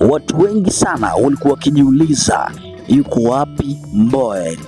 Watu wengi sana walikuwa wakijiuliza yuko wapi Mbowe?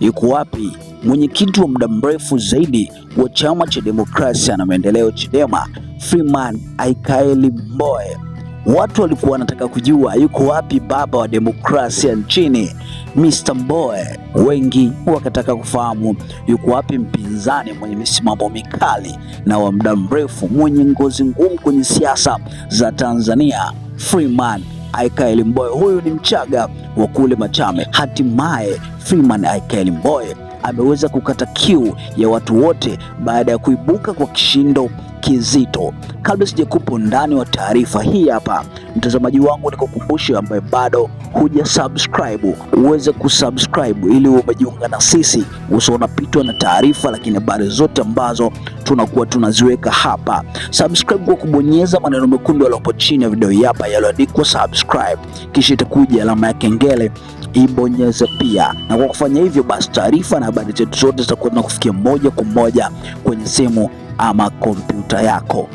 Yuko wapi mwenyekiti wa muda mrefu zaidi wa chama cha demokrasia na maendeleo, Chadema, Freeman Aikaeli Mbowe? Watu walikuwa wanataka kujua yuko wapi baba wa demokrasia nchini Mr. Mbowe. Wengi wakataka kufahamu yuko wapi mpinzani mwenye misimamo mikali na wa muda mrefu mwenye ngozi ngumu kwenye siasa za Tanzania, Freeman Aikaeli Mbowe. Huyu ni Mchaga wa kule Machame. Hatimaye Freeman Aikaeli Mbowe ameweza kukata kiu ya watu wote baada ya kuibuka kwa kishindo kizito. Kabla sijakupo ndani wa taarifa hii hapa, mtazamaji wangu, nikukumbushe ambaye bado huja subscribe uweze kusubscribe ili umejiunga na sisi, usionapitwa na taarifa, lakini habari zote ambazo tunakuwa tunaziweka hapa. Subscribe kwa kubonyeza maneno mekundu yaliyopo chini ya video hii hapa yaliyoandikwa subscribe, kisha itakuja alama ya kengele ibonyeze pia, na kwa kufanya hivyo basi taarifa na habari zetu zote zitakuwa zinakufikia moja kwa moja kwenye simu ama kompyuta yako.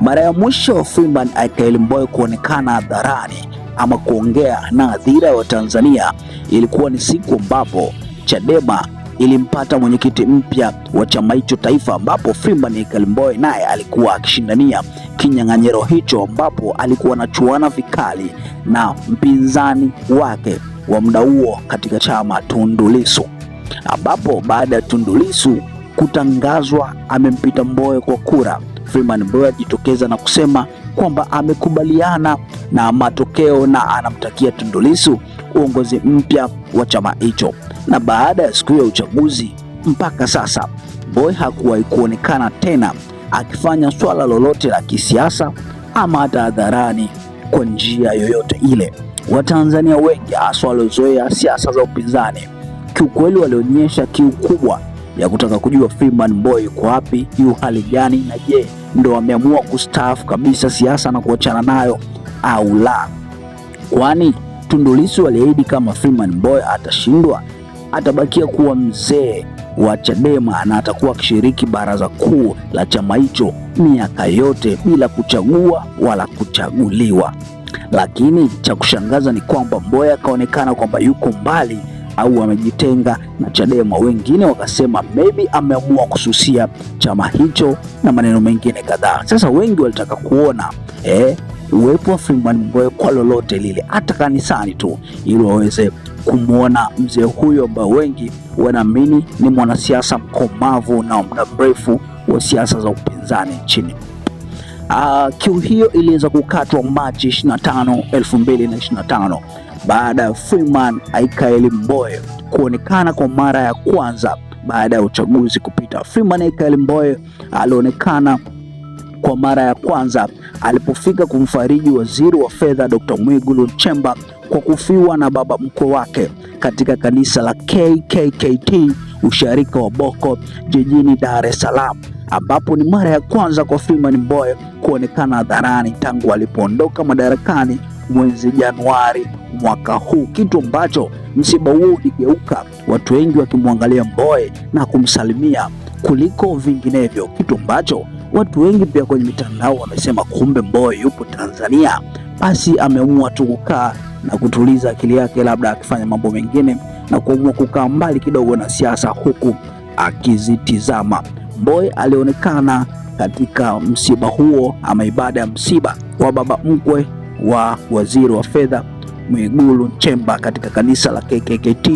Mara ya mwisho Freeman Aikaeli Mbowe kuonekana hadharani ama kuongea na hadhira wa Tanzania ilikuwa ni siku ambapo Chadema ilimpata mwenyekiti mpya wa chama hicho taifa, ambapo Freeman Aikaeli Mbowe naye alikuwa akishindania kinyang'anyiro hicho, ambapo alikuwa anachuana vikali na mpinzani wake wa muda huo katika chama Tundu Lissu, ambapo baada ya Tundu Lissu kutangazwa amempita Mbowe kwa kura, Freeman Mbowe ajitokeza na kusema kwamba amekubaliana na matokeo na anamtakia Tundu Lissu uongozi mpya wa chama hicho. Na baada ya siku ya uchaguzi mpaka sasa Mbowe hakuwahi kuonekana tena akifanya swala lolote la kisiasa ama hata hadharani kwa njia yoyote ile. Watanzania wengi hasa waliozoea siasa za upinzani kiukweli walionyesha kiu kubwa ya kutaka kujua Freeman Mbowe yuko wapi, yu hali gani, na je, ndo wameamua kustaafu kabisa siasa na kuachana nayo au la? Kwani Tundu Lissu aliahidi kama Freeman Mbowe atashindwa atabakia kuwa mzee wa Chadema na atakuwa akishiriki baraza kuu la chama hicho miaka yote bila kuchagua wala kuchaguliwa. Lakini cha kushangaza ni kwamba mboya akaonekana kwamba yuko mbali au amejitenga na Chadema. Wengine wakasema maybe ameamua kususia chama hicho na maneno mengine kadhaa. Sasa wengi walitaka kuona eh, uwepo wa Freeman Mbowe kwa lolote lile, hata kanisani tu, ili waweze kumwona mzee huyo ambaye wengi wanaamini ni mwanasiasa mkomavu na muda mrefu wa siasa za upinzani nchini. Uh, kiu hiyo iliweza kukatwa Machi 25, 2025 baada ya Freeman Aikaeli Mbowe kuonekana kwa mara ya kwanza baada ya uchaguzi kupita. Freeman Aikaeli Mbowe alionekana kwa mara ya kwanza alipofika kumfariji waziri wa fedha Dr. Mwigulu Nchemba kwa kufiwa na baba mkwe wake katika kanisa la KKKT usharika wa Boko jijini Dar es Salaam ambapo ni mara ya kwanza kwa Freeman Mbowe kuonekana hadharani tangu alipoondoka madarakani mwezi Januari mwaka huu, kitu ambacho msiba huo uligeuka watu wengi wakimwangalia Mbowe na kumsalimia kuliko vinginevyo, kitu ambacho watu wengi pia kwenye mitandao wamesema kumbe Mbowe yupo Tanzania, basi ameamua tu kukaa na kutuliza akili yake, labda akifanya mambo mengine na kuamua kukaa mbali kidogo na siasa, huku akizitizama. Boy alionekana katika msiba huo ama ibada ya msiba wa baba mkwe wa waziri wa fedha Mwigulu Nchemba katika kanisa la KKKT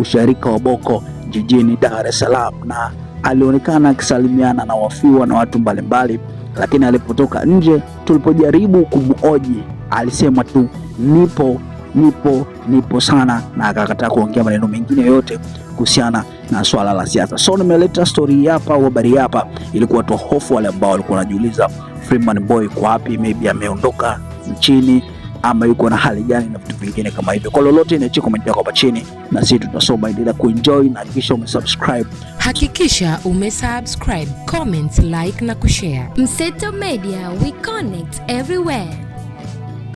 usharika wa Boko jijini Dar es Salaam, na alionekana akisalimiana na wafiwa na watu mbalimbali, lakini alipotoka nje, tulipojaribu kumuoji alisema tu nipo nipo nipo sana, na akakataa kuongea maneno mengine yote kuhusiana na swala la siasa. So nimeleta stori hapa, habari hapa, ili kuwatoa hofu wale ambao walikuwa wanajiuliza Freeman Boy kwa wapi, maybe ameondoka nchini ama yuko na hali gani na vitu vingine kama hivyo. Kwa lolote, niachie comment yako hapa chini na sisi tutasoma. Endelea kuenjoy na hakikisha umesubscribe, hakikisha umesubscribe, comment, like na kushare. Mseto Media, we connect everywhere.